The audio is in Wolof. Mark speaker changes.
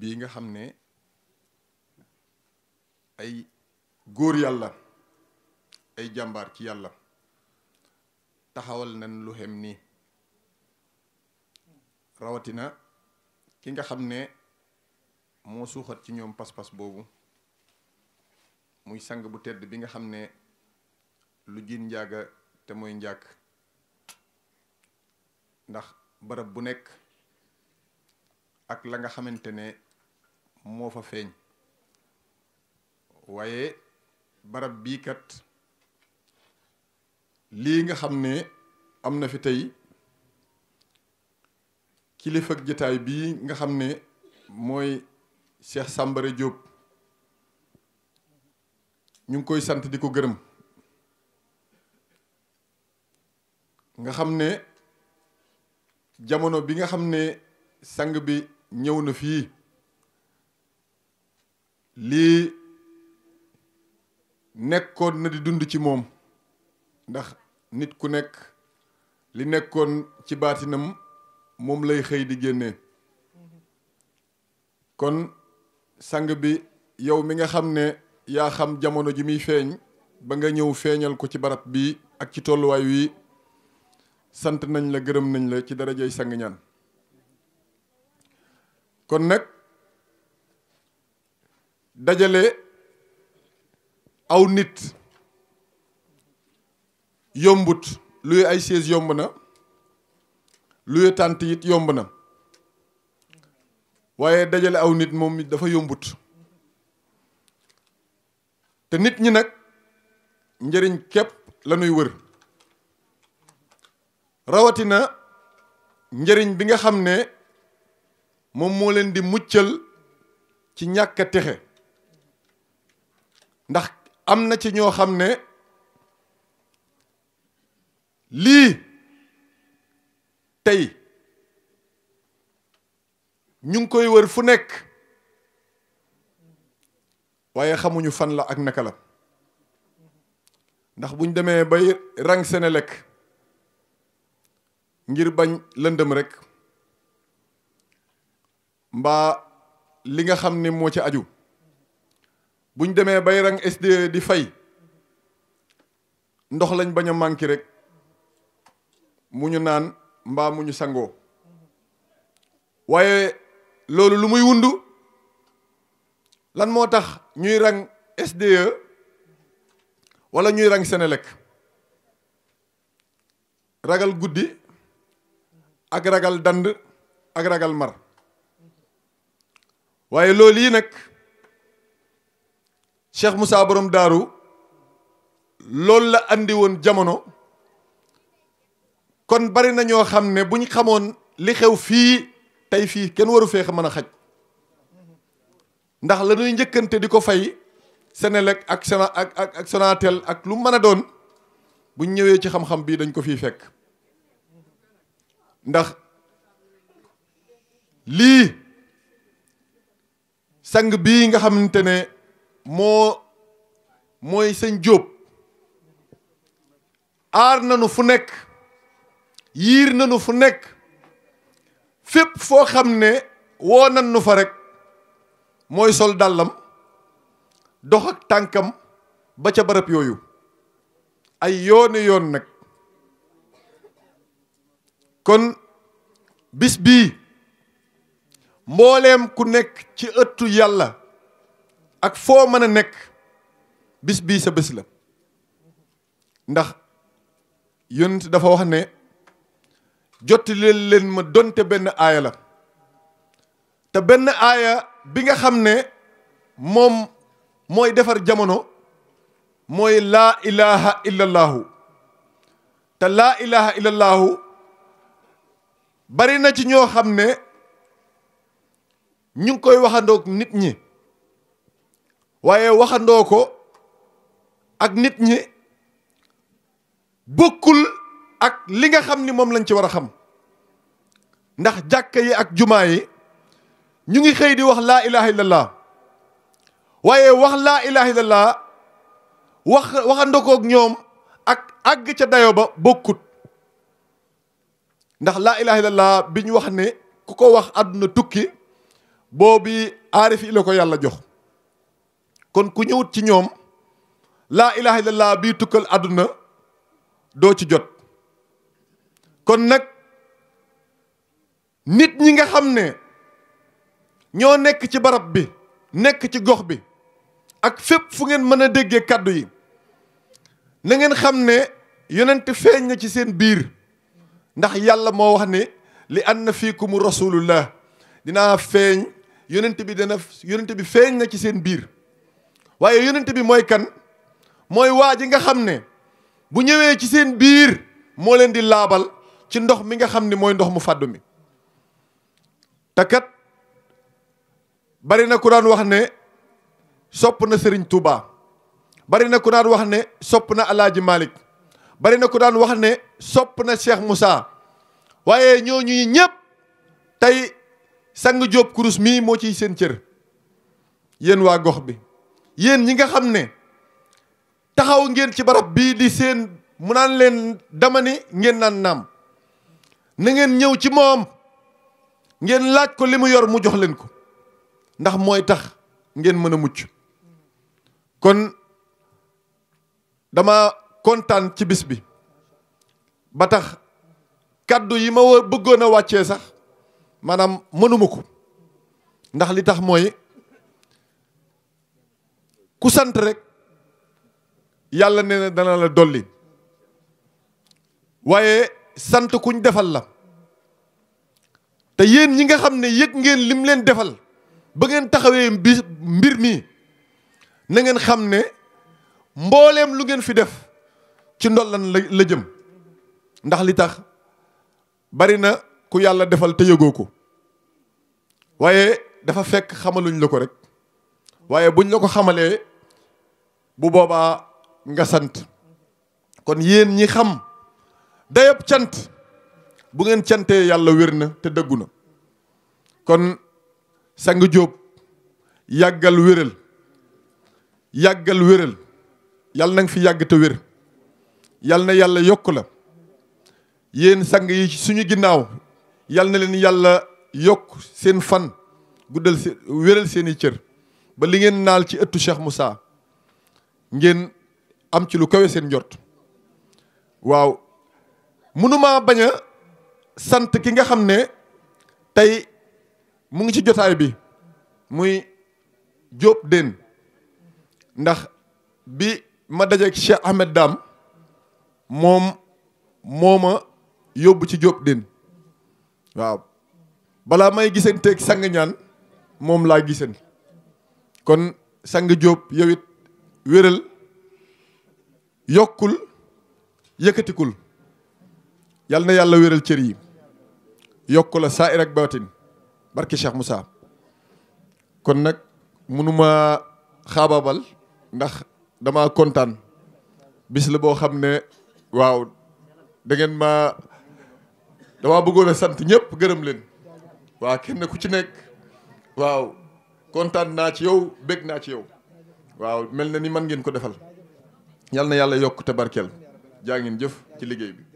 Speaker 1: bii nga xam ne ay góor yàlla ay jàmbaar ci yàlla taxawal na lu xem nii rawatina ki nga xam ne moo suuxat ci ñoom pas-pas boobu muy sang bu tedd bi nga xam ne lu jiin njaaga te mooy njaag ndax barab bu nekk ak la nga xamante ne moo fa feeñ waaye barab bii kat lii nga xam ne am na fi tey kilifa ak jataay bii nga xam ne mooy Cheikh Sambare jóob ñu ngi koy sant di ko gërëm nga xam ne jamono bi nga xam ne sang bi ñëw na fii lii nekkoon na di dund ci moom ndax nit ku nekk li nekkoon ci baatinam moom lay xëy di génne kon sang bi yow mi nga xam ne yaa xam jamono ji muy feeñ ba nga ñëw feeñal ko ci barab bii ak ci tolluwaay wi sant nañ la gërëm nañ la ci darajay sang ñaan kon nag dajale aw nit yombut luy ay chaise yomb na luy tànt yomb na waaye dajale aw nit moom dafa yombut te nit ñi nag njëriñ képp lañuy wër rawatina njëriñ bi nga xam ne moom moo leen di muccal ci ñàkk texe ndax am na ci ñoo xam ne lii tey ñu ngi koy wër fu nekk waaye xamuñu fan la ak naka la ndax buñ demee bay rang seen lekk ngir bañ lëndëm rek mbaa li nga xam ne moo ci aju buñ demee bay rang SDE di fay ndox lañ bañ a manqué rek mu ñu naan mbaa mu ñu sangoo waaye loolu lu muy wundu lan moo tax ñuy rang SDE wala ñuy rang lekk ragal guddi ak ragal dand ak ragal mar waaye loolu yi nag Cheikh musa borom daaru loolu la indi woon jamono kon bari na ñoo xam ne bu ñu xamoon li xew fii tey fii kenn waru feex mën a xaj ndax la ñuy njëkkante di ko fay Senelec ak Sona ak ak ak lu mën a doon buñ ñëwee ci xam-xam bii dañ ko fiy fekk ndax lii sang bii nga xamante ne. moo mooy sëñ Jóob aar nanu fu nekk yiir nanu fu nekk fépp foo xam ne woo nan nu fa rekk mooy sol dàllam dox ak tànkam ba ca barab yooyu ay yooni yoon nag kon bis bii mbooleem ku nekk ci ëttu yàlla ak foo mën a nekk bis bii sa bés la ndax yonent dafa wax ne jotti leen leen ma donte benn aaya la te benn aaya bi nga xam ne moom mooy defar jamono mooy laa ilaha illallaahu te laa ilaha illallaahu bari na ci ñoo xam ne ñu ngi koy waxandoog nit ñi waaye waxandoo ko ak nit ñi bokkul ak li nga xam ni moom lañ ci war a xam ndax jàkka yi ak jumaa yi ñu ngi xëy di wax laa ilaha illallah waaye wax laa ilaha illallah wax waxandoo ko ak ñoom ak àgg ca dayo ba bokkut ndax laa ilaha illallah bi ñu wax ne ku ko wax àdduna tukki boobu aarif yi la ko yàlla jox kon ku ñëwut ci ñoom laa ilaha illallah bii tukkal àdduna doo ci jot kon nag nit ñi nga xam ne ñoo nekk ci barab bi nekk ci gox bi ak fépp fu ngeen mën a déggee kàddu yi na ngeen xam ne yonent feeñ na ci seen biir ndax yàlla moo wax ne li anna fiikum rasulullah dinaa feeñ yonent bi dana yonent bi feeñ na ci seen biir waaye yonent bi mooy kan mooy waa ji nga xam ne bu ñëwee ci seen biir moo leen di laabal ci ndox mi nga xam ne mooy ndox mu fàddu mi te kat bari na ku daan wax ne sopp na Serigne Touba bari na ku wax ne sopp na Alaaji Malick bari na ku daan wax ne sopp na Cheikh Moussa waaye ñooñu ñëpp tey sang Jóob kurus mii moo ciy seen cër yéen waa gox bi yéen ñi nga xam ne taxaw ngeen ci barab bii di seen mu naan leen dama ni ngeen naan naam na ngeen ñëw ci moom ngeen laaj ko li mu yor mu jox leen ko ndax mooy tax ngeen mën a mucc kon dama kontaan ci bis bi ba tax kàddu yi ma bëggoon a wàccee sax maanaam mënuma ko ndax li tax mooy ku sant rek yàlla nee na dana la dolli waaye sant kuñ defal la te yéen ñi nga xam ne yëg ngeen lim leen defal ba ngeen taxawee bi mbir mi na ngeen xam ne mbooleem lu ngeen fi def ci ndollan la la jëm ndax li tax bari na ku yàlla defal te yëgoo ko waaye dafa fekk xamaluñ la ko rek waaye buñ la ko xamalee bu boobaa nga sant kon yéen ñi xam dayab cant bu ngeen cantee yàlla wér na te dëggu na kon sang jóob yàggal wéral yàggal wéral yàlla na fi yàgg te wér yàlla na yàlla yokk la yéen sang yi suñu ginnaaw yàlla na leen yàlla yokk seen fan guddal seen wéral seeni cër ba li ngeen naal ci ëttu Cheikh Moussa ngeen am ci lu kawe seen njort waaw mënuma bañ a sant ki nga xam ne tey mu ngi ci jotaay bi muy Jóob den ndax bi ma dajeeg Cheikh Ahmed Dame moom moo yóbbu ci Jóob den waaw balaa may gisanteeg sang ñaan moom laa giseen kon sang Jóob yow it wéral yokkul yëkkatikul yal na yàlla wéral cër yi yokku la saa ir ak baatin barki Cheikh kon nag mënuma xaabaabal ndax dama kontaan bis la boo xam ne waaw da ma dama bëggoon sant ñëpp gërëm leen waa kenn ku ci nekk waaw kontaan naa ci yow bég naa ci yow waaw mel na ni man ngeen ko defal yal na yàlla yokk te barkeel jaa ngeen jëf ci liggéey bi